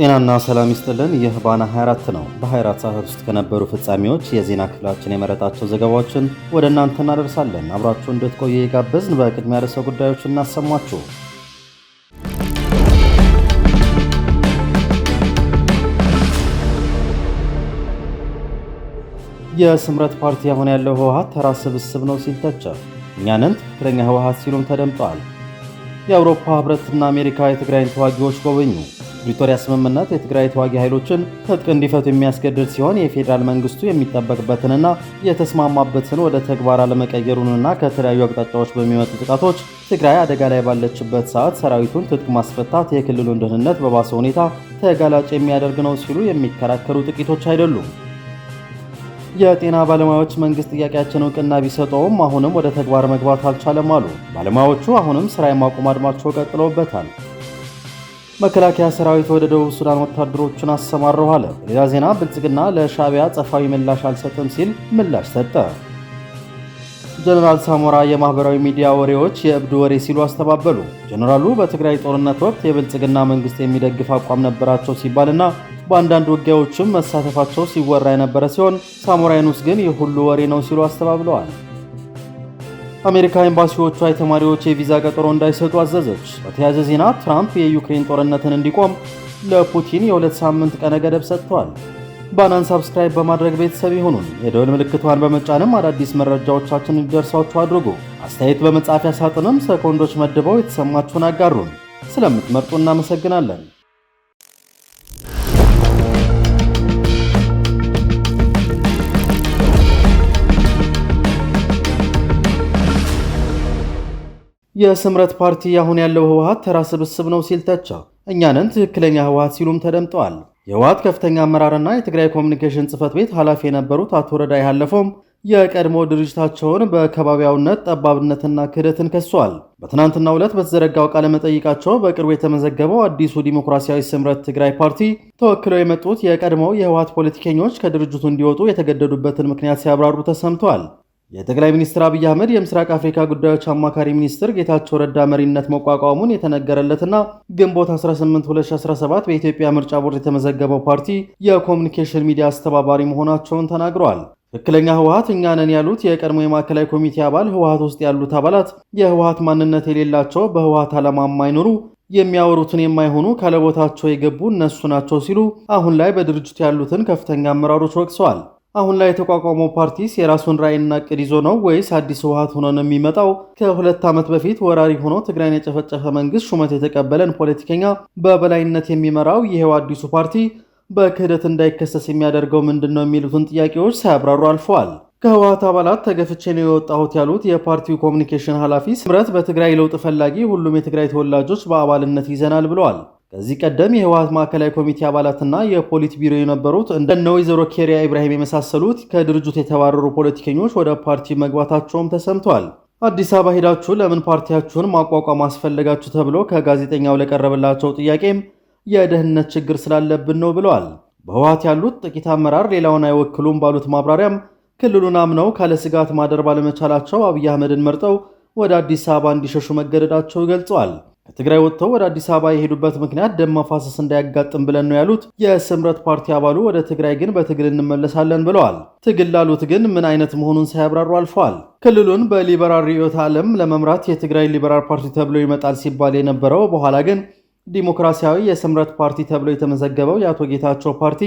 ጤናና ሰላም ይስጥልን። ይህ ባና 24 ነው። በ24 ሰዓት ውስጥ ከነበሩ ፍጻሜዎች የዜና ክፍላችን የመረጣቸው ዘገባዎችን ወደ እናንተ እናደርሳለን። አብራችሁ እንድትቆዩ የጋበዝን። በቅድሚያ ርዕሰ ጉዳዮች እናሰማችሁ። የስምረት ፓርቲ አሁን ያለው ህወሀት ተራ ስብስብ ነው ሲል ተቸ። እኛንን ትክክለኛ ሲሉም ተደምጠዋል። የአውሮፓ ህብረትና አሜሪካ የትግራይን ተዋጊዎች ጎበኙ። ፕሪቶሪያ ስምምነት የትግራይ ተዋጊ ኃይሎችን ትጥቅ እንዲፈቱ የሚያስገድድ ሲሆን የፌዴራል መንግስቱ የሚጠበቅበትንና የተስማማበትን ወደ ተግባር አለመቀየሩንና ከተለያዩ አቅጣጫዎች በሚመጡ ጥቃቶች ትግራይ አደጋ ላይ ባለችበት ሰዓት ሰራዊቱን ትጥቅ ማስፈታት የክልሉን ደህንነት በባሰ ሁኔታ ተጋላጭ የሚያደርግ ነው ሲሉ የሚከራከሩ ጥቂቶች አይደሉም። የጤና ባለሙያዎች መንግስት ጥያቄያችን እውቅና ቢሰጠውም አሁንም ወደ ተግባር መግባት አልቻለም አሉ። ባለሙያዎቹ አሁንም ስራ የማቆም አድማቸው ቀጥለውበታል። መከላከያ ሰራዊት ወደ ደቡብ ሱዳን ወታደሮቹን አሰማረው አለ። በሌላ ዜና ብልጽግና ለሻቢያ ጸፋዊ ምላሽ አልሰጥም ሲል ምላሽ ሰጠ። ጀነራል ሳሞራ የማህበራዊ ሚዲያ ወሬዎች የእብድ ወሬ ሲሉ አስተባበሉ። ጀነራሉ በትግራይ ጦርነት ወቅት የብልጽግና መንግስት የሚደግፍ አቋም ነበራቸው ሲባልና በአንዳንድ ውጊያዎችም መሳተፋቸው ሲወራ የነበረ ሲሆን ሳሞራ ዩኑስ ግን የሁሉ ወሬ ነው ሲሉ አስተባብለዋል። አሜሪካ ኤምባሲዎቿ የተማሪዎች የቪዛ ቀጠሮ እንዳይሰጡ አዘዘች። በተያያዘ ዜና ትራምፕ የዩክሬን ጦርነትን እንዲቆም ለፑቲን የሁለት ሳምንት ቀነ ገደብ ሰጥተዋል። ባናን ሳብስክራይብ በማድረግ ቤተሰብ ይሁኑን። የደወል ምልክቷን በመጫንም አዳዲስ መረጃዎቻችን እንዲደርሳችሁ አድርጉ። አስተያየት በመጻፊያ ሳጥንም ሰኮንዶች መድበው የተሰማችሁን አጋሩን። ስለምትመርጡ እናመሰግናለን። የስምረት ፓርቲ አሁን ያለው ህወሀት ተራ ስብስብ ነው ሲል ተቻ። እኛንን ትክክለኛ ህወሀት ሲሉም ተደምጠዋል። የህወሀት ከፍተኛ አመራርና የትግራይ ኮሚኒኬሽን ጽህፈት ቤት ኃላፊ የነበሩት አቶ ረዳይ ያለፈውም የቀድሞ ድርጅታቸውን በከባቢያውነት ጠባብነትና ክህደትን ከሷል። በትናንትና ዕለት በተዘረጋው ቃለ መጠይቃቸው በቅርቡ የተመዘገበው አዲሱ ዲሞክራሲያዊ ስምረት ትግራይ ፓርቲ ተወክለው የመጡት የቀድሞው የህወሀት ፖለቲከኞች ከድርጅቱ እንዲወጡ የተገደዱበትን ምክንያት ሲያብራሩ ተሰምተዋል። የጠቅላይ ሚኒስትር አብይ አህመድ የምስራቅ አፍሪካ ጉዳዮች አማካሪ ሚኒስትር ጌታቸው ረዳ መሪነት መቋቋሙን የተነገረለትና ግንቦት 18 2017 በኢትዮጵያ ምርጫ ቦርድ የተመዘገበው ፓርቲ የኮሚኒኬሽን ሚዲያ አስተባባሪ መሆናቸውን ተናግረዋል። ትክክለኛ ህወሀት እኛ ነን ያሉት የቀድሞ የማዕከላዊ ኮሚቴ አባል ህወሀት ውስጥ ያሉት አባላት የህወሀት ማንነት የሌላቸው በህወሀት ዓላማ የማይኖሩ የሚያወሩትን የማይሆኑ ካለቦታቸው የገቡ እነሱ ናቸው ሲሉ አሁን ላይ በድርጅቱ ያሉትን ከፍተኛ አመራሮች ወቅሰዋል። አሁን ላይ የተቋቋመው ፓርቲስ የራሱን ራዕይና ቅድ ይዞ ነው ወይስ አዲስ ህወሓት ሆኖ ነው የሚመጣው? ከሁለት ዓመት በፊት ወራሪ ሆኖ ትግራይን የጨፈጨፈ መንግስት ሹመት የተቀበለን ፖለቲከኛ በበላይነት የሚመራው ይሄው አዲሱ ፓርቲ በክህደት እንዳይከሰስ የሚያደርገው ምንድን ነው የሚሉትን ጥያቄዎች ሳያብራሩ አልፈዋል። ከህወሓት አባላት ተገፍቼ ነው የወጣሁት ያሉት የፓርቲው ኮሚኒኬሽን ኃላፊ ስምረት በትግራይ ለውጥ ፈላጊ ሁሉም የትግራይ ተወላጆች በአባልነት ይዘናል ብለዋል። ከዚህ ቀደም የህወሀት ማዕከላዊ ኮሚቴ አባላትና የፖሊት ቢሮ የነበሩት እንደነ ወይዘሮ ኬሪያ ኢብራሂም የመሳሰሉት ከድርጅቱ የተባረሩ ፖለቲከኞች ወደ ፓርቲ መግባታቸውም ተሰምቷል። አዲስ አበባ ሄዳችሁ ለምን ፓርቲያችሁን ማቋቋም አስፈለጋችሁ ተብሎ ከጋዜጠኛው ለቀረበላቸው ጥያቄም የደህንነት ችግር ስላለብን ነው ብለዋል። በህወሀት ያሉት ጥቂት አመራር ሌላውን አይወክሉም ባሉት ማብራሪያም ክልሉን አምነው ካለ ስጋት ማደር ባለመቻላቸው አብይ አህመድን መርጠው ወደ አዲስ አበባ እንዲሸሹ መገደዳቸው ገልጸዋል። ከትግራይ ወጥተው ወደ አዲስ አበባ የሄዱበት ምክንያት ደም መፋሰስ እንዳያጋጥም ብለን ነው ያሉት የስምረት ፓርቲ አባሉ ወደ ትግራይ ግን በትግል እንመለሳለን ብለዋል። ትግል ላሉት ግን ምን አይነት መሆኑን ሳያብራሩ አልፈዋል። ክልሉን በሊበራል ርዕዮተ ዓለም ለመምራት የትግራይ ሊበራል ፓርቲ ተብሎ ይመጣል ሲባል የነበረው በኋላ ግን ዲሞክራሲያዊ የስምረት ፓርቲ ተብሎ የተመዘገበው የአቶ ጌታቸው ፓርቲ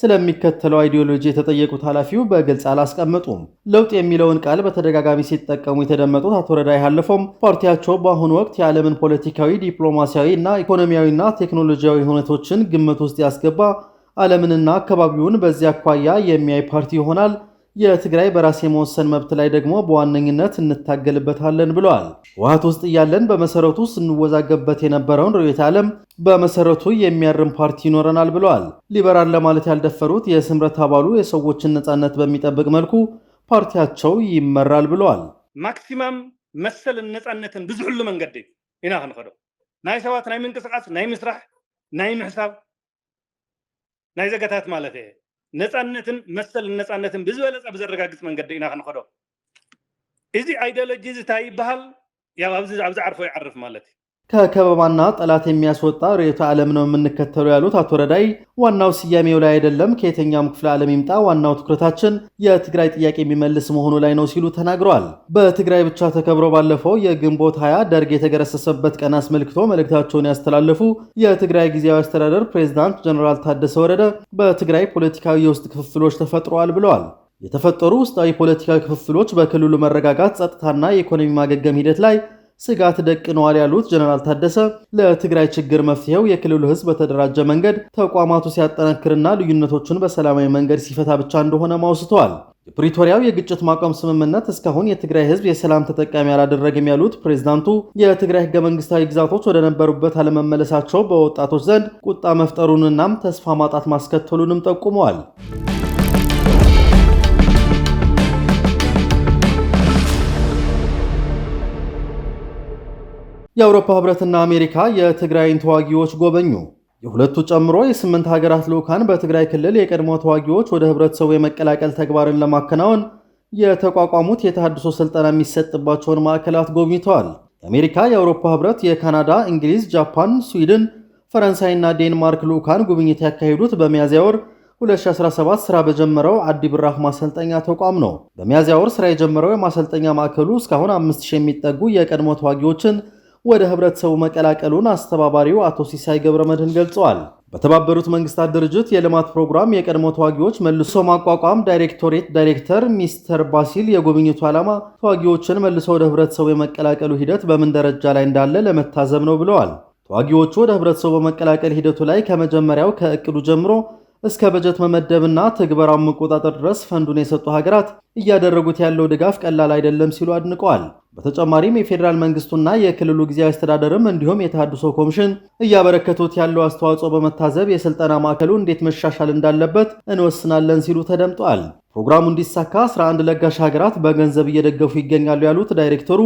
ስለሚከተለው አይዲዮሎጂ የተጠየቁት ኃላፊው በግልጽ አላስቀመጡም። ለውጥ የሚለውን ቃል በተደጋጋሚ ሲጠቀሙ የተደመጡት አቶ ረዳ ያለፈውም ፓርቲያቸው በአሁኑ ወቅት የዓለምን ፖለቲካዊ፣ ዲፕሎማሲያዊ እና ኢኮኖሚያዊና ቴክኖሎጂያዊ ሁነቶችን ግምት ውስጥ ያስገባ ዓለምንና አካባቢውን በዚያ አኳያ የሚያይ ፓርቲ ይሆናል የትግራይ በራስ የመወሰን መብት ላይ ደግሞ በዋነኝነት እንታገልበታለን ብለዋል። ህወሓት ውስጥ እያለን በመሰረቱ ስንወዛገብበት የነበረውን ርዕዮተ ዓለም በመሰረቱ የሚያርም ፓርቲ ይኖረናል ብለዋል። ሊበራል ለማለት ያልደፈሩት የስምረት አባሉ የሰዎችን ነፃነት በሚጠብቅ መልኩ ፓርቲያቸው ይመራል ብለዋል። ማክሲማም መሰልን ነፃነትን ብዝሕሉ መንገዲ ኢና ክንኸዶ ናይ ሰባት ናይ ምንቅስቃስ ናይ ምስራሕ ናይ ምሕሳብ ናይ ዘገታት ማለት እየ نتانتن مثل نتانتن بزوال ابزرغا من قدرنا نخرو ايدي ايدولوجيز تاي بحال يا ابزرغا عرفو يعرف مالتي ከከበባና ጠላት የሚያስወጣ ርዕዮተ ዓለም ነው የምንከተሉ ያሉት አቶ ረዳይ ዋናው ስያሜው ላይ አይደለም፣ ከየትኛውም ክፍለ ዓለም ይምጣ ዋናው ትኩረታችን የትግራይ ጥያቄ የሚመልስ መሆኑ ላይ ነው ሲሉ ተናግረዋል። በትግራይ ብቻ ተከብሮ ባለፈው የግንቦት ሀያ ደርግ የተገረሰሰበት ቀን አስመልክቶ መልእክታቸውን ያስተላለፉ የትግራይ ጊዜያዊ አስተዳደር ፕሬዝዳንት ጀኔራል ታደሰ ወረደ በትግራይ ፖለቲካዊ የውስጥ ክፍፍሎች ተፈጥረዋል ብለዋል። የተፈጠሩ ውስጣዊ ፖለቲካዊ ክፍፍሎች በክልሉ መረጋጋት፣ ጸጥታና የኢኮኖሚ ማገገም ሂደት ላይ ስጋት ደቅነዋል ያሉት ጀነራል ታደሰ ለትግራይ ችግር መፍትሄው የክልሉ ህዝብ በተደራጀ መንገድ ተቋማቱ ሲያጠናክርና ልዩነቶቹን በሰላማዊ መንገድ ሲፈታ ብቻ እንደሆነ አውስተዋል። የፕሪቶሪያው የግጭት ማቆም ስምምነት እስካሁን የትግራይ ህዝብ የሰላም ተጠቃሚ አላደረግም ያሉት ፕሬዝዳንቱ የትግራይ ህገ መንግስታዊ ግዛቶች ወደ ነበሩበት አለመመለሳቸው በወጣቶች ዘንድ ቁጣ መፍጠሩንናም ተስፋ ማጣት ማስከተሉንም ጠቁመዋል። የአውሮፓ ህብረትና አሜሪካ የትግራይን ተዋጊዎች ጎበኙ። የሁለቱ ጨምሮ የስምንት ሀገራት ልዑካን በትግራይ ክልል የቀድሞ ተዋጊዎች ወደ ህብረተሰቡ የመቀላቀል ተግባርን ለማከናወን የተቋቋሙት የተሃድሶ ስልጠና የሚሰጥባቸውን ማዕከላት ጎብኝተዋል። የአሜሪካ፣ የአውሮፓ ህብረት፣ የካናዳ፣ እንግሊዝ፣ ጃፓን፣ ስዊድን፣ ፈረንሳይና ዴንማርክ ልዑካን ጉብኝት ያካሄዱት በሚያዝያ ወር 2017 ስራ በጀመረው አዲ ብራህ ማሰልጠኛ ተቋም ነው። በሚያዝያ ወር ስራ የጀመረው የማሰልጠኛ ማዕከሉ እስካሁን 5000 የሚጠጉ የቀድሞ ተዋጊዎችን ወደ ህብረተሰቡ መቀላቀሉን አስተባባሪው አቶ ሲሳይ መድህን ገልጸዋል። በተባበሩት መንግስታት ድርጅት የልማት ፕሮግራም የቀድሞ ተዋጊዎች መልሶ ማቋቋም ዳይሬክቶሬት ዳይሬክተር ሚስተር ባሲል የጉብኝቱ ዓላማ ተዋጊዎችን መልሶ ወደ ህብረተሰቡ የመቀላቀሉ ሂደት በምን ደረጃ ላይ እንዳለ ለመታዘብ ነው ብለዋል። ተዋጊዎቹ ወደ ህብረተሰቡ በመቀላቀል ሂደቱ ላይ ከመጀመሪያው ከእቅዱ ጀምሮ እስከ በጀት መመደብና ትግበራውን መቆጣጠር ድረስ ፈንዱን የሰጡ ሀገራት እያደረጉት ያለው ድጋፍ ቀላል አይደለም ሲሉ አድንቀዋል። በተጨማሪም የፌዴራል መንግስቱና የክልሉ ጊዜያዊ አስተዳደርም እንዲሁም የተሃድሶ ኮሚሽን እያበረከቱት ያለው አስተዋጽኦ በመታዘብ የስልጠና ማዕከሉ እንዴት መሻሻል እንዳለበት እንወስናለን ሲሉ ተደምጧል። ፕሮግራሙ እንዲሳካ 11 ለጋሽ ሀገራት በገንዘብ እየደገፉ ይገኛሉ ያሉት ዳይሬክተሩ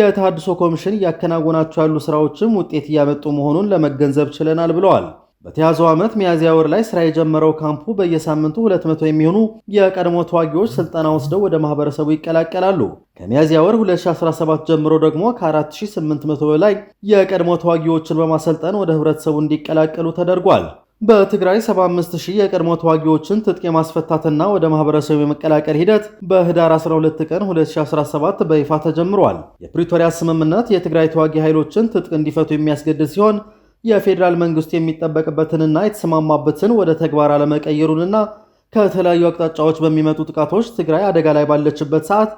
የተሃድሶ ኮሚሽን እያከናወናቸው ያሉ ስራዎችም ውጤት እያመጡ መሆኑን ለመገንዘብ ችለናል ብለዋል። በተያዘው ዓመት ሚያዝያ ወር ላይ ስራ የጀመረው ካምፑ በየሳምንቱ 200 የሚሆኑ የቀድሞ ተዋጊዎች ስልጠና ወስደው ወደ ማህበረሰቡ ይቀላቀላሉ። ከሚያዝያ ወር 2017 ጀምሮ ደግሞ ከ4800 በላይ የቀድሞ ተዋጊዎችን በማሰልጠን ወደ ህብረተሰቡ እንዲቀላቀሉ ተደርጓል። በትግራይ 75000 የቀድሞ ተዋጊዎችን ትጥቅ የማስፈታትና ወደ ማህበረሰቡ የመቀላቀል ሂደት በህዳር 12 ቀን 2017 በይፋ ተጀምሯል። የፕሪቶሪያ ስምምነት የትግራይ ተዋጊ ኃይሎችን ትጥቅ እንዲፈቱ የሚያስገድድ ሲሆን የፌዴራል መንግስቱ የሚጠበቅበትንና የተስማማበትን ወደ ተግባር አለመቀየሩንና ከተለያዩ አቅጣጫዎች በሚመጡ ጥቃቶች ትግራይ አደጋ ላይ ባለችበት ሰዓት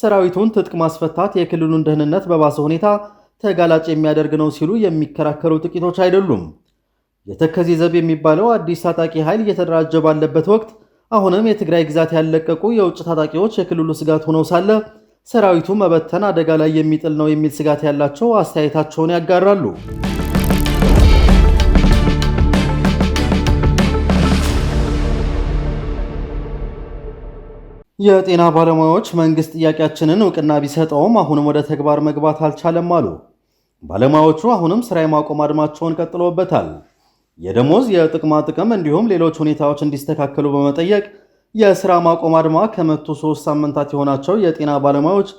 ሰራዊቱን ትጥቅ ማስፈታት የክልሉን ደህንነት በባሰ ሁኔታ ተጋላጭ የሚያደርግ ነው ሲሉ የሚከራከሩ ጥቂቶች አይደሉም። የተከዜ ዘብ የሚባለው አዲስ ታጣቂ ኃይል እየተደራጀ ባለበት ወቅት አሁንም የትግራይ ግዛት ያለቀቁ የውጭ ታጣቂዎች የክልሉ ስጋት ሆነው ሳለ ሰራዊቱ መበተን አደጋ ላይ የሚጥል ነው የሚል ስጋት ያላቸው አስተያየታቸውን ያጋራሉ። የጤና ባለሙያዎች መንግስት ጥያቄያችንን እውቅና ቢሰጠውም አሁንም ወደ ተግባር መግባት አልቻለም አሉ። ባለሙያዎቹ አሁንም ስራ የማቆም አድማቸውን ቀጥለውበታል። የደሞዝ የጥቅማ ጥቅም እንዲሁም ሌሎች ሁኔታዎች እንዲስተካከሉ በመጠየቅ የስራ ማቆም አድማ ከመቱ 3 ሳምንታት የሆናቸው የጤና ባለሙያዎች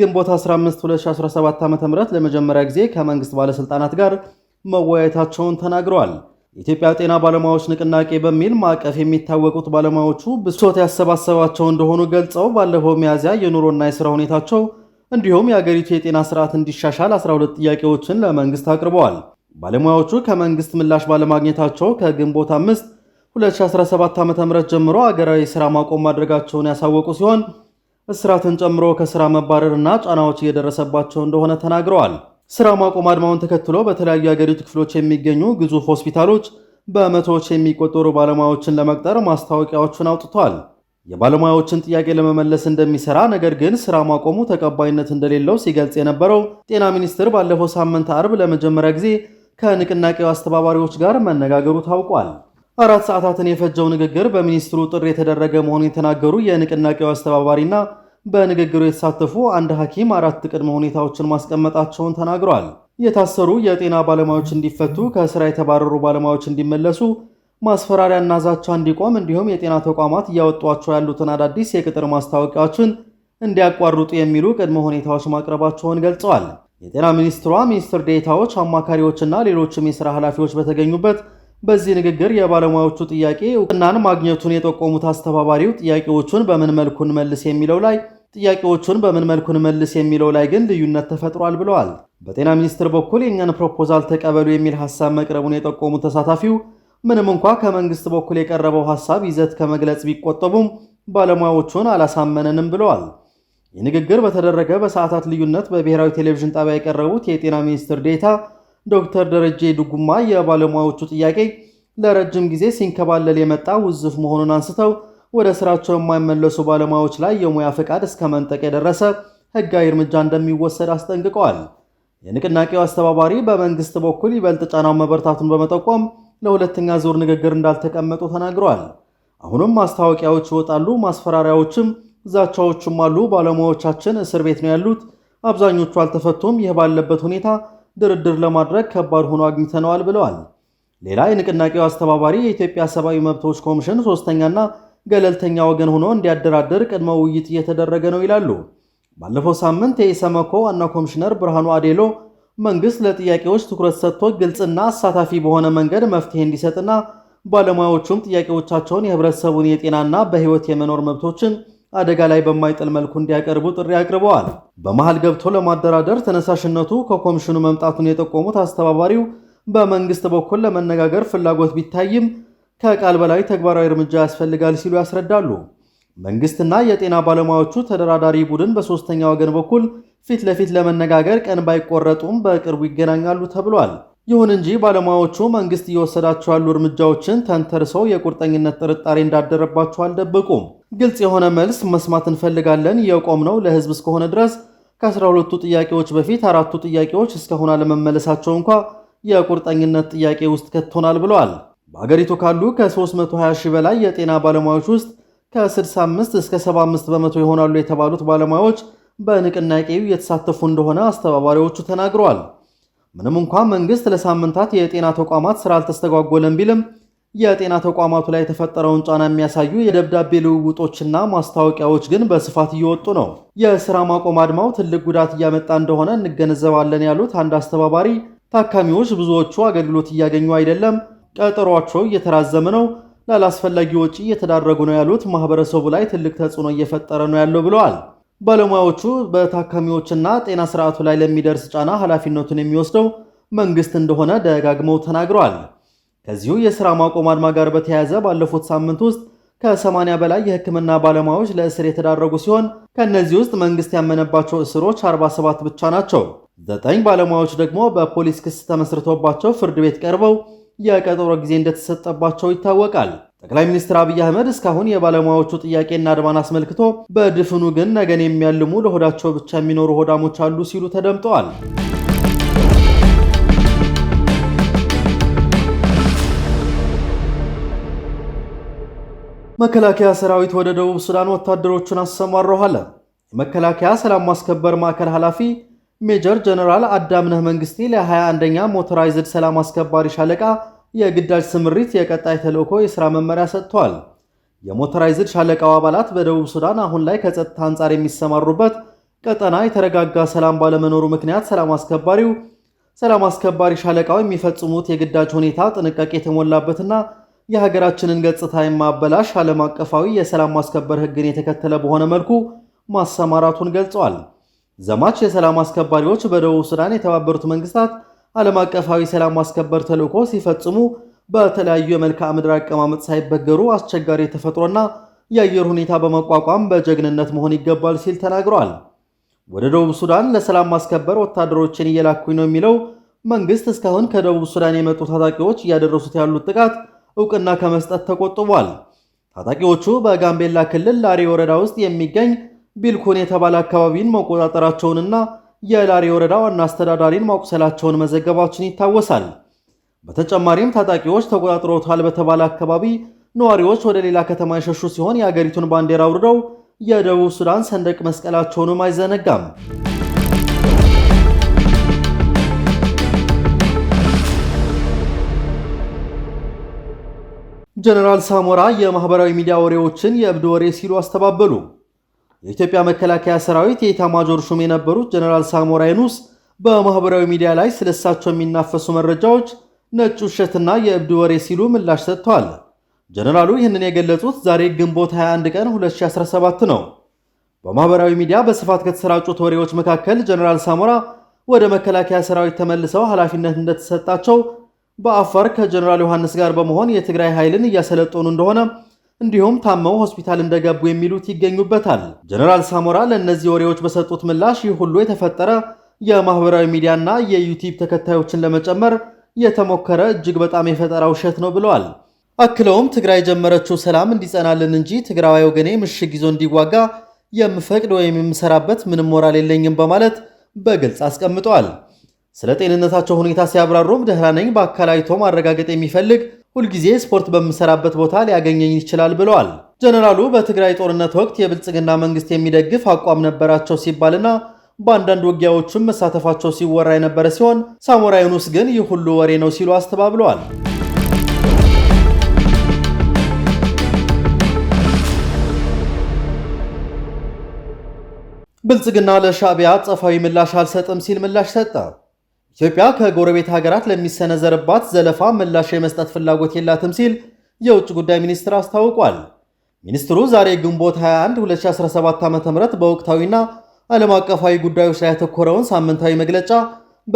ግንቦት 15 2017 ዓ ም ለመጀመሪያ ጊዜ ከመንግስት ባለሥልጣናት ጋር መወያየታቸውን ተናግረዋል። የኢትዮጵያ ጤና ባለሙያዎች ንቅናቄ በሚል ማዕቀፍ የሚታወቁት ባለሙያዎቹ ብሶት ያሰባሰባቸው እንደሆኑ ገልጸው ባለፈው ሚያዝያ የኑሮና የስራ ሁኔታቸው እንዲሁም የአገሪቱ የጤና ስርዓት እንዲሻሻል 12 ጥያቄዎችን ለመንግስት አቅርበዋል። ባለሙያዎቹ ከመንግስት ምላሽ ባለማግኘታቸው ከግንቦት 5 2017 ዓ ም ጀምሮ አገራዊ ስራ ማቆም ማድረጋቸውን ያሳወቁ ሲሆን እስራትን ጨምሮ ከሥራ መባረርና ጫናዎች እየደረሰባቸው እንደሆነ ተናግረዋል። ስራ ማቆም አድማውን ተከትሎ በተለያዩ የአገሪቱ ክፍሎች የሚገኙ ግዙፍ ሆስፒታሎች በመቶዎች የሚቆጠሩ ባለሙያዎችን ለመቅጠር ማስታወቂያዎችን አውጥቷል። የባለሙያዎችን ጥያቄ ለመመለስ እንደሚሰራ ነገር ግን ስራ ማቆሙ ተቀባይነት እንደሌለው ሲገልጽ የነበረው ጤና ሚኒስቴር ባለፈው ሳምንት አርብ ለመጀመሪያ ጊዜ ከንቅናቄው አስተባባሪዎች ጋር መነጋገሩ ታውቋል። አራት ሰዓታትን የፈጀው ንግግር በሚኒስትሩ ጥሪ የተደረገ መሆኑን የተናገሩ የንቅናቄው አስተባባሪና በንግግሩ የተሳተፉ አንድ ሐኪም አራት ቅድመ ሁኔታዎችን ማስቀመጣቸውን ተናግሯል። የታሰሩ የጤና ባለሙያዎች እንዲፈቱ፣ ከስራ የተባረሩ ባለሙያዎች እንዲመለሱ፣ ማስፈራሪያና ዛቻ እንዲቆም እንዲሁም የጤና ተቋማት እያወጧቸው ያሉትን አዳዲስ የቅጥር ማስታወቂያዎችን እንዲያቋርጡ የሚሉ ቅድመ ሁኔታዎች ማቅረባቸውን ገልጸዋል። የጤና ሚኒስትሯ ሚኒስትር ዴታዎች፣ አማካሪዎችና ሌሎችም የሥራ ኃላፊዎች በተገኙበት በዚህ ንግግር የባለሙያዎቹ ጥያቄ እውቅናን ማግኘቱን የጠቆሙት አስተባባሪው ጥያቄዎቹን በምን መልኩ እንመልስ የሚለው ላይ ጥያቄዎቹን በምን መልኩ እንመልስ የሚለው ላይ ግን ልዩነት ተፈጥሯል ብለዋል። በጤና ሚኒስቴር በኩል የእኛን ፕሮፖዛል ተቀበሉ የሚል ሐሳብ መቅረቡን የጠቆሙት ተሳታፊው ምንም እንኳ ከመንግስት በኩል የቀረበው ሐሳብ ይዘት ከመግለጽ ቢቆጠቡም ባለሙያዎቹን አላሳመነንም ብለዋል። ይህ ንግግር በተደረገ በሰዓታት ልዩነት በብሔራዊ ቴሌቪዥን ጣቢያ የቀረቡት የጤና ሚኒስትር ዴታ ዶክተር ደረጀ ዱጉማ የባለሙያዎቹ ጥያቄ ለረጅም ጊዜ ሲንከባለል የመጣ ውዝፍ መሆኑን አንስተው ወደ ስራቸው የማይመለሱ ባለሙያዎች ላይ የሙያ ፈቃድ እስከ መንጠቅ የደረሰ ህጋዊ እርምጃ እንደሚወሰድ አስጠንቅቀዋል። የንቅናቄው አስተባባሪ በመንግስት በኩል ይበልጥ ጫናው መበርታቱን በመጠቆም ለሁለተኛ ዙር ንግግር እንዳልተቀመጡ ተናግረዋል። አሁንም ማስታወቂያዎች ይወጣሉ፣ ማስፈራሪያዎችም ዛቻዎችም አሉ። ባለሙያዎቻችን እስር ቤት ነው ያሉት፣ አብዛኞቹ አልተፈቱም። ይህ ባለበት ሁኔታ ድርድር ለማድረግ ከባድ ሆኖ አግኝተነዋል ብለዋል። ሌላ የንቅናቄው አስተባባሪ የኢትዮጵያ ሰብአዊ መብቶች ኮሚሽን ሶስተኛና ገለልተኛ ወገን ሆኖ እንዲያደራደር ቅድመ ውይይት እየተደረገ ነው ይላሉ። ባለፈው ሳምንት የኢሰመኮ ዋና ኮሚሽነር ብርሃኑ አዴሎ መንግስት ለጥያቄዎች ትኩረት ሰጥቶ ግልጽና አሳታፊ በሆነ መንገድ መፍትሄ እንዲሰጥና ባለሙያዎቹም ጥያቄዎቻቸውን የህብረተሰቡን የጤናና በህይወት የመኖር መብቶችን አደጋ ላይ በማይጥል መልኩ እንዲያቀርቡ ጥሪ አቅርበዋል። በመሃል ገብቶ ለማደራደር ተነሳሽነቱ ከኮሚሽኑ መምጣቱን የጠቆሙት አስተባባሪው በመንግስት በኩል ለመነጋገር ፍላጎት ቢታይም ከቃል በላይ ተግባራዊ እርምጃ ያስፈልጋል ሲሉ ያስረዳሉ። መንግስትና የጤና ባለሙያዎቹ ተደራዳሪ ቡድን በሦስተኛ ወገን በኩል ፊት ለፊት ለመነጋገር ቀን ባይቆረጡም በቅርቡ ይገናኛሉ ተብሏል። ይሁን እንጂ ባለሙያዎቹ መንግስት እየወሰዳቸው ያሉ እርምጃዎችን ተንተርሰው የቁርጠኝነት ጥርጣሬ እንዳደረባቸው አልደበቁም። ግልጽ የሆነ መልስ መስማት እንፈልጋለን። የቆምነው ለህዝብ እስከሆነ ድረስ ከ 12 ጥያቄዎች በፊት አራቱ ጥያቄዎች እስካሁን አለመመለሳቸው እንኳ የቁርጠኝነት ጥያቄ ውስጥ ከትቶናል ብለዋል። በአገሪቱ ካሉ ከ320 ሺህ በላይ የጤና ባለሙያዎች ውስጥ ከ65 እስከ 75 በመቶ ይሆናሉ የተባሉት ባለሙያዎች በንቅናቄው እየተሳተፉ እንደሆነ አስተባባሪዎቹ ተናግረዋል። ምንም እንኳ መንግስት ለሳምንታት የጤና ተቋማት ስራ አልተስተጓጎለም ቢልም የጤና ተቋማቱ ላይ የተፈጠረውን ጫና የሚያሳዩ የደብዳቤ ልውውጦችና ማስታወቂያዎች ግን በስፋት እየወጡ ነው። የሥራ ማቆም አድማው ትልቅ ጉዳት እያመጣ እንደሆነ እንገነዘባለን ያሉት አንድ አስተባባሪ ታካሚዎች ብዙዎቹ አገልግሎት እያገኙ አይደለም ቀጠሯቸው እየተራዘመ ነው፣ ላላስፈላጊ ወጪ እየተዳረጉ ነው ያሉት ማህበረሰቡ ላይ ትልቅ ተጽዕኖ እየፈጠረ ነው ያለው ብለዋል። ባለሙያዎቹ በታካሚዎችና ጤና ስርዓቱ ላይ ለሚደርስ ጫና ኃላፊነቱን የሚወስደው መንግስት እንደሆነ ደጋግመው ተናግረዋል። ከዚሁ የሥራ ማቆም አድማ ጋር በተያያዘ ባለፉት ሳምንት ውስጥ ከ በላይ የሕክምና ባለሙያዎች ለእስር የተዳረጉ ሲሆን ከእነዚህ ውስጥ መንግስት ያመነባቸው እስሮች 47 ብቻ ናቸው። ዘጠኝ ባለሙያዎች ደግሞ በፖሊስ ክስ ተመስርቶባቸው ፍርድ ቤት ቀርበው የቀጠሮ ጊዜ እንደተሰጠባቸው ይታወቃል። ጠቅላይ ሚኒስትር አብይ አህመድ እስካሁን የባለሙያዎቹ ጥያቄና አድማን አስመልክቶ በድፍኑ ግን ነገን የሚያልሙ ለሆዳቸው ብቻ የሚኖሩ ሆዳሞች አሉ ሲሉ ተደምጠዋል። መከላከያ ሰራዊት ወደ ደቡብ ሱዳን ወታደሮቹን አሰማራኋለ። የመከላከያ ሰላም ማስከበር ማዕከል ኃላፊ ሜጀር ጀነራል አዳምነህ መንግስቴ ለ21ኛ ሞተራይዝድ ሰላም አስከባሪ ሻለቃ የግዳጅ ስምሪት የቀጣይ ተልእኮ የሥራ መመሪያ ሰጥቷል። የሞተራይዝድ ሻለቃው አባላት በደቡብ ሱዳን አሁን ላይ ከጸጥታ አንጻር የሚሰማሩበት ቀጠና የተረጋጋ ሰላም ባለመኖሩ ምክንያት ሰላም አስከባሪው ሰላም አስከባሪ ሻለቃው የሚፈጽሙት የግዳጅ ሁኔታ ጥንቃቄ የተሞላበትና የሀገራችንን ገጽታ የማበላሽ ዓለም አቀፋዊ የሰላም ማስከበር ሕግን የተከተለ በሆነ መልኩ ማሰማራቱን ገልጿል። ዘማች የሰላም አስከባሪዎች በደቡብ ሱዳን የተባበሩት መንግስታት ዓለም አቀፋዊ ሰላም ማስከበር ተልዕኮ ሲፈጽሙ በተለያዩ የመልክዓ ምድር አቀማመጥ ሳይበገሩ አስቸጋሪ የተፈጥሮና የአየር ሁኔታ በመቋቋም በጀግንነት መሆን ይገባል ሲል ተናግሯል። ወደ ደቡብ ሱዳን ለሰላም ማስከበር ወታደሮችን እየላኩኝ ነው የሚለው መንግስት እስካሁን ከደቡብ ሱዳን የመጡ ታጣቂዎች እያደረሱት ያሉት ጥቃት እውቅና ከመስጠት ተቆጥቧል። ታጣቂዎቹ በጋምቤላ ክልል ላሬ ወረዳ ውስጥ የሚገኝ ቢልኮን የተባለ አካባቢን መቆጣጠራቸውንና የላሪ ወረዳ ዋና አስተዳዳሪን ማቁሰላቸውን መዘገባችን ይታወሳል። በተጨማሪም ታጣቂዎች ተቆጣጥረውታል በተባለ አካባቢ ነዋሪዎች ወደ ሌላ ከተማ የሸሹ ሲሆን የአገሪቱን ባንዲራ አውርደው የደቡብ ሱዳን ሰንደቅ መስቀላቸውንም አይዘነጋም። ጀነራል ሳሞራ የማህበራዊ ሚዲያ ወሬዎችን የእብድ ወሬ ሲሉ አስተባበሉ። የኢትዮጵያ መከላከያ ሰራዊት የኢታማጆር ሹም የነበሩት ጀነራል ሳሞራ የኑስ ሚዲያ ላይ ስለሳቸው የሚናፈሱ መረጃዎች ነጭ ውሸትና የእብድ ወሬ ሲሉ ምላሽ ሰጥተዋል። ጀነራሉ ይህንን የገለጹት ዛሬ ግንቦት 21 ቀን 2017 ነው። በማህበራዊ ሚዲያ በስፋት ከተሰራጩት ወሬዎች መካከል ጀነራል ሳሞራ ወደ መከላከያ ሰራዊት ተመልሰው ኃላፊነት እንደተሰጣቸው፣ በአፋር ከጀነራል ዮሐንስ ጋር በመሆን የትግራይ ኃይልን እያሰለጠኑ እንደሆነ እንዲሁም ታመው ሆስፒታል እንደገቡ የሚሉት ይገኙበታል። ጀነራል ሳሞራ ለእነዚህ ወሬዎች በሰጡት ምላሽ ይህ ሁሉ የተፈጠረ የማህበራዊ ሚዲያና የዩቲዩብ ተከታዮችን ለመጨመር የተሞከረ እጅግ በጣም የፈጠራ ውሸት ነው ብለዋል። አክለውም ትግራይ የጀመረችው ሰላም እንዲጸናልን እንጂ ትግራዋይ ወገኔ ምሽግ ይዞ እንዲዋጋ የምፈቅድ ወይም የምሰራበት ምንም ሞራል የለኝም በማለት በግልጽ አስቀምጠዋል። ስለ ጤንነታቸው ሁኔታ ሲያብራሩም ደህና ነኝ፣ በአካላዊቶ ማረጋገጥ የሚፈልግ ሁልጊዜ ስፖርት በምሰራበት ቦታ ሊያገኘኝ ይችላል ብለዋል። ጀነራሉ በትግራይ ጦርነት ወቅት የብልጽግና መንግስት የሚደግፍ አቋም ነበራቸው ሲባልና በአንዳንድ ውጊያዎችም መሳተፋቸው ሲወራ የነበረ ሲሆን ሳሞራ ዩኑስ ግን ይህ ሁሉ ወሬ ነው ሲሉ አስተባብለዋል። ብልጽግና ለሻዕቢያ ጸፋዊ ምላሽ አልሰጥም ሲል ምላሽ ሰጠ። ኢትዮጵያ ከጎረቤት ሀገራት ለሚሰነዘርባት ዘለፋ ምላሽ የመስጠት ፍላጎት የላትም ሲል የውጭ ጉዳይ ሚኒስትር አስታውቋል። ሚኒስትሩ ዛሬ ግንቦት 21 2017 ዓ ም በወቅታዊና ዓለም አቀፋዊ ጉዳዮች ላይ ያተኮረውን ሳምንታዊ መግለጫ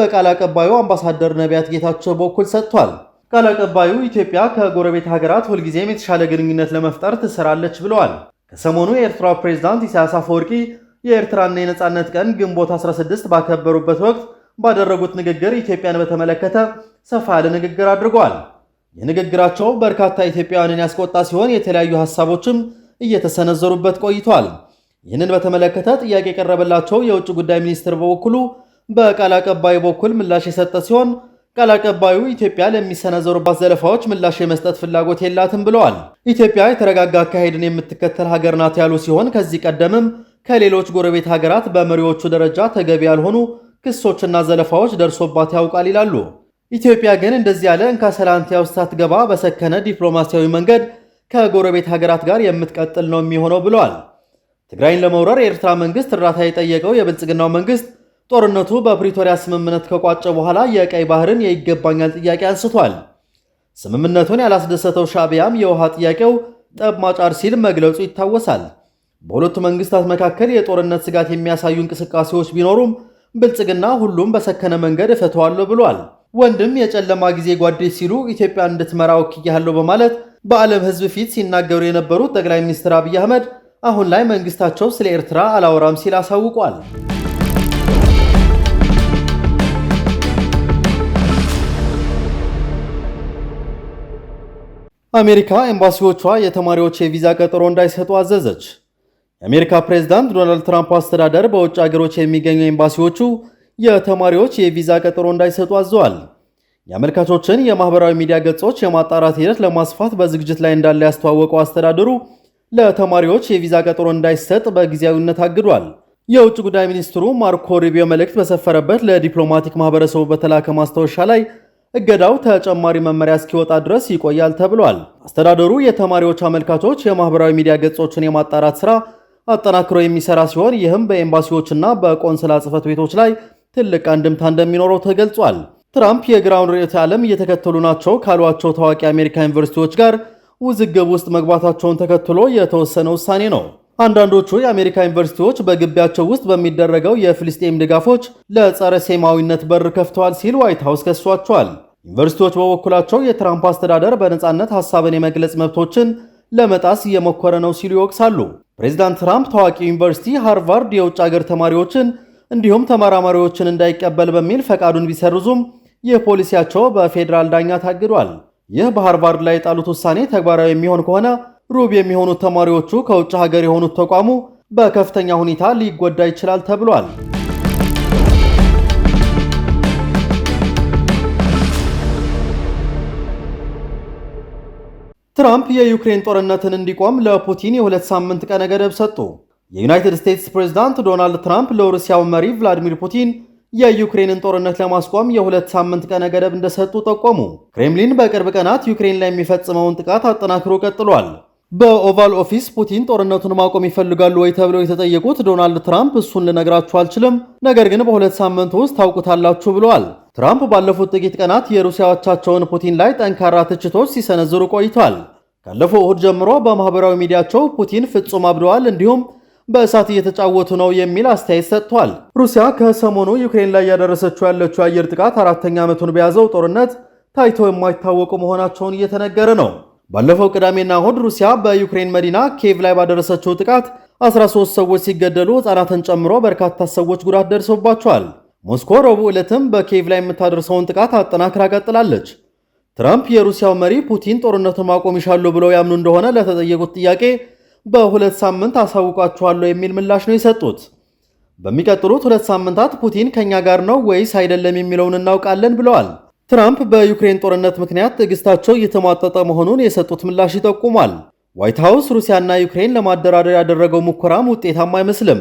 በቃል አቀባዩ አምባሳደር ነቢያት ጌታቸው በኩል ሰጥቷል። ቃል አቀባዩ ኢትዮጵያ ከጎረቤት ሀገራት ሁልጊዜም የተሻለ ግንኙነት ለመፍጠር ትሰራለች ብለዋል። ከሰሞኑ የኤርትራ ፕሬዝዳንት ኢሳያስ አፈወርቂ የኤርትራና የነፃነት ቀን ግንቦት 16 ባከበሩበት ወቅት ባደረጉት ንግግር ኢትዮጵያን በተመለከተ ሰፋ ያለ ንግግር አድርገዋል። የንግግራቸው በርካታ ኢትዮጵያውያንን ያስቆጣ ሲሆን የተለያዩ ሀሳቦችም እየተሰነዘሩበት ቆይቷል። ይህንን በተመለከተ ጥያቄ የቀረበላቸው የውጭ ጉዳይ ሚኒስትር በበኩሉ በቃል አቀባዩ በኩል ምላሽ የሰጠ ሲሆን ቃል አቀባዩ ኢትዮጵያ ለሚሰነዘሩባት ዘለፋዎች ምላሽ የመስጠት ፍላጎት የላትም ብለዋል። ኢትዮጵያ የተረጋጋ አካሄድን የምትከተል ሀገር ናት ያሉ ሲሆን ከዚህ ቀደምም ከሌሎች ጎረቤት ሀገራት በመሪዎቹ ደረጃ ተገቢ ያልሆኑ ክሶችና ዘለፋዎች ደርሶባት ያውቃል ይላሉ። ኢትዮጵያ ግን እንደዚህ ያለ እንካ ሰላንትያ ውስጥ ሳትገባ በሰከነ ዲፕሎማሲያዊ መንገድ ከጎረቤት ሀገራት ጋር የምትቀጥል ነው የሚሆነው ብለዋል። ትግራይን ለመውረር የኤርትራ መንግስት እርዳታ የጠየቀው የብልጽግናው መንግስት ጦርነቱ በፕሪቶሪያ ስምምነት ከቋጨ በኋላ የቀይ ባህርን የይገባኛል ጥያቄ አንስቷል። ስምምነቱን ያላስደሰተው ሻቢያም የውሃ ጥያቄው ጠብ ማጫር ሲል መግለጹ ይታወሳል። በሁለቱ መንግስታት መካከል የጦርነት ስጋት የሚያሳዩ እንቅስቃሴዎች ቢኖሩም ብልጽግና ሁሉም በሰከነ መንገድ እፈተዋለሁ ብሏል። ወንድም የጨለማ ጊዜ ጓዴ ሲሉ ኢትዮጵያ እንድትመራ ወክያለሁ በማለት በዓለም ሕዝብ ፊት ሲናገሩ የነበሩት ጠቅላይ ሚኒስትር አብይ አህመድ አሁን ላይ መንግስታቸው ስለ ኤርትራ አላወራም ሲል አሳውቋል። አሜሪካ ኤምባሲዎቿ የተማሪዎች የቪዛ ቀጠሮ እንዳይሰጡ አዘዘች። የአሜሪካ ፕሬዝዳንት ዶናልድ ትራምፕ አስተዳደር በውጭ አገሮች የሚገኙ ኤምባሲዎቹ የተማሪዎች የቪዛ ቀጠሮ እንዳይሰጡ አዘዋል። የአመልካቾችን የማኅበራዊ ሚዲያ ገጾች የማጣራት ሂደት ለማስፋት በዝግጅት ላይ እንዳለ ያስተዋወቀው አስተዳደሩ ለተማሪዎች የቪዛ ቀጠሮ እንዳይሰጥ በጊዜያዊነት አግዷል። የውጭ ጉዳይ ሚኒስትሩ ማርኮ ሪቢዮ መልእክት በሰፈረበት ለዲፕሎማቲክ ማኅበረሰቡ በተላከ ማስታወሻ ላይ እገዳው ተጨማሪ መመሪያ እስኪወጣ ድረስ ይቆያል ተብሏል። አስተዳደሩ የተማሪዎች አመልካቾች የማኅበራዊ ሚዲያ ገጾችን የማጣራት ሥራ አጠናክሮ የሚሰራ ሲሆን ይህም በኤምባሲዎችና በቆንስላ ጽህፈት ቤቶች ላይ ትልቅ አንድምታ እንደሚኖረው ተገልጿል። ትራምፕ የግራውን ርዕዮተ ዓለም እየተከተሉ ናቸው ካሏቸው ታዋቂ አሜሪካ ዩኒቨርሲቲዎች ጋር ውዝግብ ውስጥ መግባታቸውን ተከትሎ የተወሰነ ውሳኔ ነው። አንዳንዶቹ የአሜሪካ ዩኒቨርሲቲዎች በግቢያቸው ውስጥ በሚደረገው የፍልስጤም ድጋፎች ለጸረ ሴማዊነት በር ከፍተዋል ሲል ዋይት ሀውስ ከሷቸዋል። ዩኒቨርሲቲዎች በበኩላቸው የትራምፕ አስተዳደር በነፃነት ሀሳብን የመግለጽ መብቶችን ለመጣስ እየሞከረ ነው ሲሉ ይወቅሳሉ። ፕሬዚዳንት ትራምፕ ታዋቂ ዩኒቨርሲቲ ሃርቫርድ የውጭ አገር ተማሪዎችን እንዲሁም ተመራማሪዎችን እንዳይቀበል በሚል ፈቃዱን ቢሰርዙም ይህ ፖሊሲያቸው በፌዴራል ዳኛ ታግዷል። ይህ በሃርቫርድ ላይ የጣሉት ውሳኔ ተግባራዊ የሚሆን ከሆነ ሩብ የሚሆኑት ተማሪዎቹ ከውጭ ሀገር የሆኑት ተቋሙ በከፍተኛ ሁኔታ ሊጎዳ ይችላል ተብሏል። ትራምፕ የዩክሬን ጦርነትን እንዲቆም ለፑቲን የሁለት ሳምንት ቀነ ገደብ ሰጡ። የዩናይትድ ስቴትስ ፕሬዝዳንት ዶናልድ ትራምፕ ለሩሲያው መሪ ቭላዲሚር ፑቲን የዩክሬንን ጦርነት ለማስቆም የሁለት ሳምንት ቀነ ገደብ እንደሰጡ ጠቆሙ። ክሬምሊን በቅርብ ቀናት ዩክሬን ላይ የሚፈጽመውን ጥቃት አጠናክሮ ቀጥሏል። በኦቫል ኦፊስ ፑቲን ጦርነቱን ማቆም ይፈልጋሉ ወይ ተብለው የተጠየቁት ዶናልድ ትራምፕ እሱን ልነግራችሁ አልችልም፣ ነገር ግን በሁለት ሳምንት ውስጥ ታውቁታላችሁ ብለዋል። ትራምፕ ባለፉት ጥቂት ቀናት የሩሲያ አቻቸውን ፑቲን ላይ ጠንካራ ትችቶች ሲሰነዝሩ ቆይቷል። ካለፈው እሁድ ጀምሮ በማኅበራዊ ሚዲያቸው ፑቲን ፍጹም አብደዋል፣ እንዲሁም በእሳት እየተጫወቱ ነው የሚል አስተያየት ሰጥቷል። ሩሲያ ከሰሞኑ ዩክሬን ላይ ያደረሰችው ያለችው የአየር ጥቃት አራተኛ ዓመቱን በያዘው ጦርነት ታይቶ የማይታወቁ መሆናቸውን እየተነገረ ነው። ባለፈው ቅዳሜና እሁድ ሩሲያ በዩክሬን መዲና ኬቭ ላይ ባደረሰችው ጥቃት 13 ሰዎች ሲገደሉ ሕፃናትን ጨምሮ በርካታ ሰዎች ጉዳት ደርሶባቸዋል። ሞስኮ ረቡዕ ዕለትም በኪየቭ ላይ የምታደርሰውን ጥቃት አጠናክራ ቀጥላለች። ትራምፕ የሩሲያው መሪ ፑቲን ጦርነቱን ማቆም ይሻሉ ብለው ያምኑ እንደሆነ ለተጠየቁት ጥያቄ በሁለት ሳምንት አሳውቃችኋለሁ የሚል ምላሽ ነው የሰጡት። በሚቀጥሉት ሁለት ሳምንታት ፑቲን ከእኛ ጋር ነው ወይስ አይደለም የሚለውን እናውቃለን ብለዋል። ትራምፕ በዩክሬን ጦርነት ምክንያት ትዕግስታቸው እየተሟጠጠ መሆኑን የሰጡት ምላሽ ይጠቁማል። ዋይት ሃውስ ሩሲያና ዩክሬን ለማደራደር ያደረገው ሙከራም ውጤታማ አይመስልም።